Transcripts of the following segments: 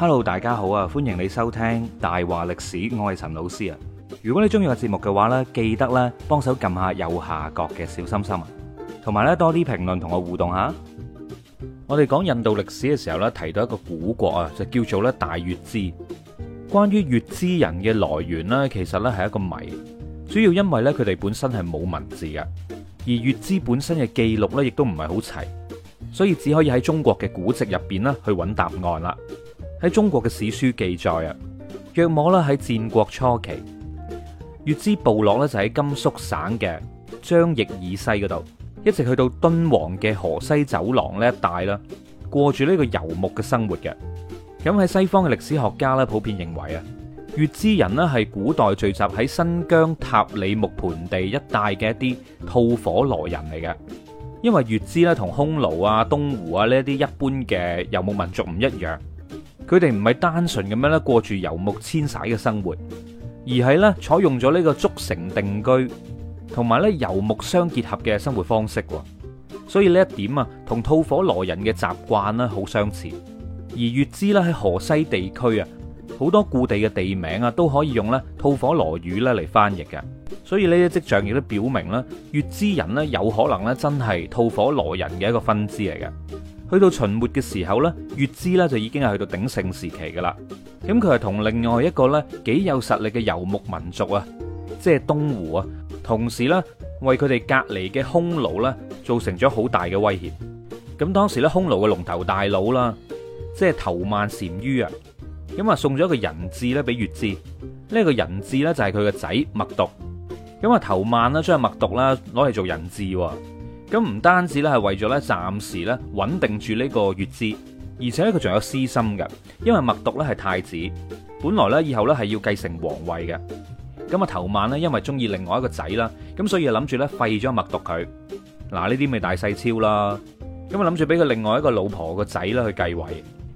hello，大家好啊！歡迎你收聽大話歷史，我係陳老師啊。如果你中意我節目嘅話呢，記得咧幫手撳下右下角嘅小心心啊，同埋咧多啲評論同我互動下。我哋講印度歷史嘅時候呢，提到一個古國啊，就叫做咧大月氏。關於月氏人嘅來源呢，其實呢係一個謎，主要因為呢，佢哋本身係冇文字嘅，而月氏本身嘅記錄呢亦都唔係好齊，所以只可以喺中國嘅古籍入邊呢去揾答案啦。喺中國嘅史書記載啊，約莫咧喺戰國初期，月氏部落咧就喺甘肅省嘅張掖以西嗰度，一直去到敦煌嘅河西走廊呢一帶啦，過住呢個遊牧嘅生活嘅。咁喺西方嘅歷史學家咧，普遍認為啊，月氏人咧係古代聚集喺新疆塔里木盆地一帶嘅一啲吐火羅人嚟嘅，因為月氏咧同匈奴啊、東胡啊呢一啲一般嘅遊牧民族唔一樣。佢哋唔係單純咁樣咧過住游牧遷徙嘅生活，而係咧採用咗呢個築城定居同埋咧遊牧相結合嘅生活方式喎。所以呢一點啊，同吐火羅人嘅習慣咧好相似。而月氏咧喺河西地區啊，好多故地嘅地名啊都可以用咧吐火羅語咧嚟翻譯嘅。所以呢啲跡象亦都表明咧，月氏人咧有可能咧真係吐火羅人嘅一個分支嚟嘅。去到秦末嘅時候呢，月氏呢就已經係去到鼎盛時期嘅啦。咁佢係同另外一個呢幾有實力嘅遊牧民族啊，即係東胡啊，同時呢為佢哋隔離嘅匈奴呢，造成咗好大嘅威脅。咁當時呢，匈奴嘅龍頭大佬啦，即係頭曼單于啊，咁啊送咗一個人質咧俾月氏。呢、呢個人質呢，就係佢個仔冒頓。咁啊頭曼咧將冒頓啦攞嚟做人質喎。咁唔單止咧係為咗咧暫時咧穩定住呢個月氏，而且佢仲有私心嘅，因為冒頓咧係太子，本來咧以後咧係要繼承皇位嘅。咁啊頭曼咧因為中意另外一個仔啦，咁所以諗住咧廢咗冒頓佢。嗱，呢啲咪大細超啦，咁啊諗住俾佢另外一個老婆個仔啦去繼位。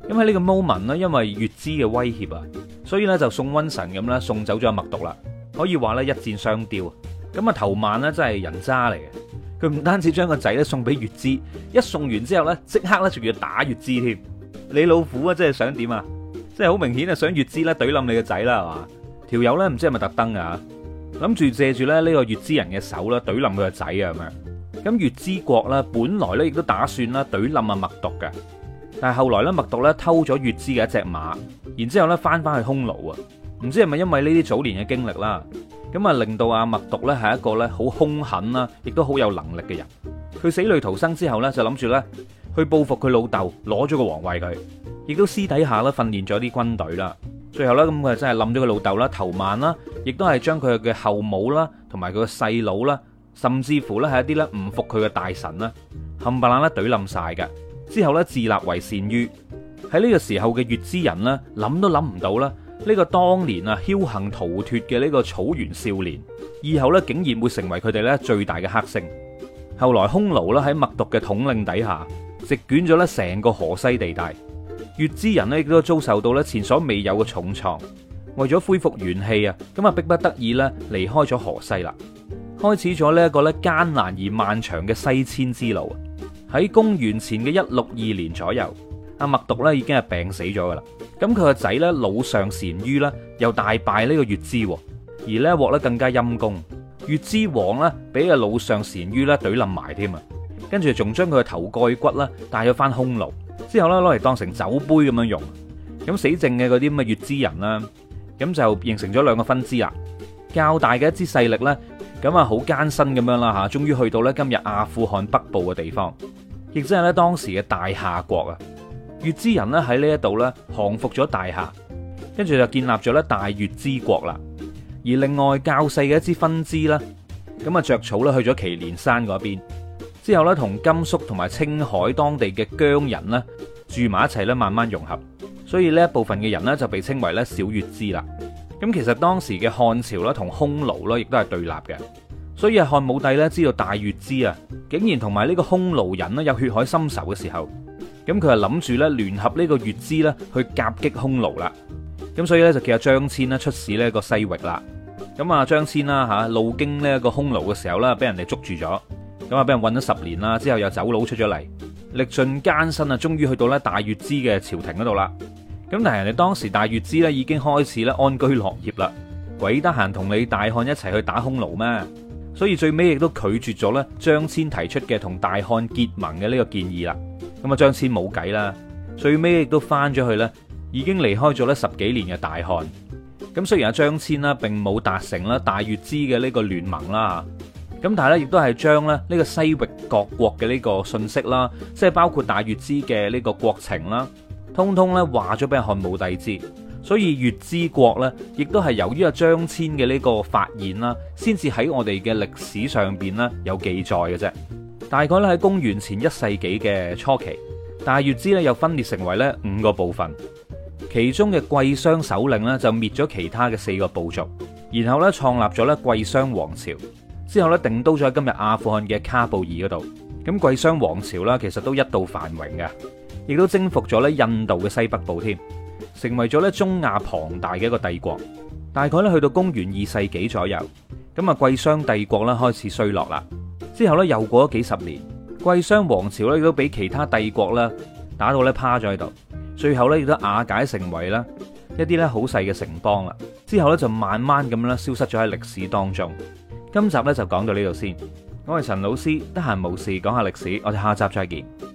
咁喺呢個 moment 呢，因為月氏嘅威脅啊，所以咧就送瘟神咁咧送走咗阿冒頓啦。可以話咧一箭雙鵰。咁啊頭曼咧真係人渣嚟嘅。佢唔單止將個仔咧送俾月氏，一送完之後咧，即刻咧仲要打月氏添。你老虎啊，即係想點啊？即係好明顯啊，想月氏咧懟冧你個仔啦，係嘛？條友咧唔知係咪特登啊？諗住借住咧呢個月氏人嘅手啦，懟冧佢個仔啊咁樣。咁月氏國咧本來咧亦都打算咧懟冧阿墨毒嘅，但係後來咧墨毒咧偷咗月氏嘅一隻馬，然之後咧翻翻去匈奴啊。唔知係咪因為呢啲早年嘅經歷啦，咁啊令到阿冒頓咧係一個咧好兇狠啦，亦都好有能力嘅人。佢死裏逃生之後咧，就諗住咧去報復佢老豆，攞咗個皇位佢，亦都私底下啦訓練咗啲軍隊啦。最後咧咁佢真係冧咗佢老豆啦，頭曼啦，亦都係將佢嘅後母啦，同埋佢嘅細佬啦，甚至乎咧係一啲咧唔服佢嘅大臣啦，冚唪唥咧懟冧晒嘅。之後咧自立為單于，喺呢個時候嘅月氏人咧諗都諗唔到啦。呢個當年啊，僥倖逃脫嘅呢個草原少年，以後咧竟然會成為佢哋咧最大嘅黑星。後來匈奴咧喺默毒嘅統領底下，席捲咗咧成個河西地帶，月氏人咧亦都遭受到咧前所未有嘅重創。為咗恢復元氣啊，咁啊，迫不得已咧離開咗河西啦，開始咗呢一個咧艱難而漫長嘅西遷之路。喺公元前嘅一六二年左右。阿墨毒咧已經係病死咗嘅啦，咁佢個仔咧老上單于咧又大敗呢個月氏王，而呢獲咧更加陰功，月氏王咧俾阿老上單于咧懟冧埋添啊，跟住仲將佢嘅頭蓋骨咧帶咗翻匈奴，之後咧攞嚟當成酒杯咁樣用，咁死剩嘅嗰啲咁嘅月氏人啦，咁就形成咗兩個分支啊，較大嘅一支勢力咧，咁啊好艱辛咁樣啦吓，終於去到咧今日阿富汗北部嘅地方，亦即係咧當時嘅大夏國啊。月氏人咧喺呢一度咧降服咗大夏，跟住就建立咗咧大月氏國啦。而另外較細嘅一支分支啦，咁啊著草啦去咗祁連山嗰邊，之後咧同甘肅同埋青海當地嘅羌人咧住埋一齊咧，慢慢融合，所以呢一部分嘅人咧就被稱為咧小月氏啦。咁其實當時嘅漢朝咧同匈奴咧亦都係對立嘅，所以漢武帝咧知道大月氏啊，竟然同埋呢個匈奴人咧有血海深仇嘅時候。咁佢就諗住呢聯合呢個月氏呢去夾擊匈奴啦，咁所以呢，就叫阿張騫咧出使呢個西域啦。咁啊張騫啦吓，路經呢個匈奴嘅時候呢，俾人哋捉住咗，咁啊俾人困咗十年啦，之後又走佬出咗嚟，歷盡艱辛啊，終於去到呢大月氏嘅朝廷嗰度啦。咁但係人哋當時大月氏呢已經開始呢安居樂業啦，鬼得閒同你大漢一齊去打匈奴咩？所以最尾亦都拒絕咗呢張騫提出嘅同大漢結盟嘅呢個建議啦。咁啊，張騫冇計啦，最尾亦都返咗去咧，已經離開咗咧十幾年嘅大漢。咁雖然阿張騫啦並冇達成啦大月氏嘅呢個聯盟啦，咁但係咧亦都係將咧呢個西域各國嘅呢個信息啦，即係包括大月氏嘅呢個國情啦，通通咧話咗俾漢武帝知。所以月氏國咧，亦都係由於阿張騫嘅呢個發現啦，先至喺我哋嘅歷史上邊咧有記載嘅啫。大概咧喺公元前一世紀嘅初期，大月氏咧又分裂成為咧五個部分，其中嘅貴霜首領咧就滅咗其他嘅四個部族，然後咧創立咗咧貴霜王朝，之後咧定都咗今日阿富汗嘅卡布爾嗰度。咁貴霜王朝啦，其實都一度繁榮嘅，亦都征服咗咧印度嘅西北部添，成為咗咧中亞龐大嘅一個帝國。大概咧去到公元二世紀左右，咁啊貴霜帝國咧開始衰落啦。之後咧又過咗幾十年，貴霜王朝咧亦都俾其他帝國啦打到咧趴咗喺度，最後咧亦都瓦解成為啦一啲咧好細嘅城邦啦。之後咧就慢慢咁樣消失咗喺歷史當中。今集咧就講到呢度先。我係陳老師，得閒無事講下歷史，我哋下集再見。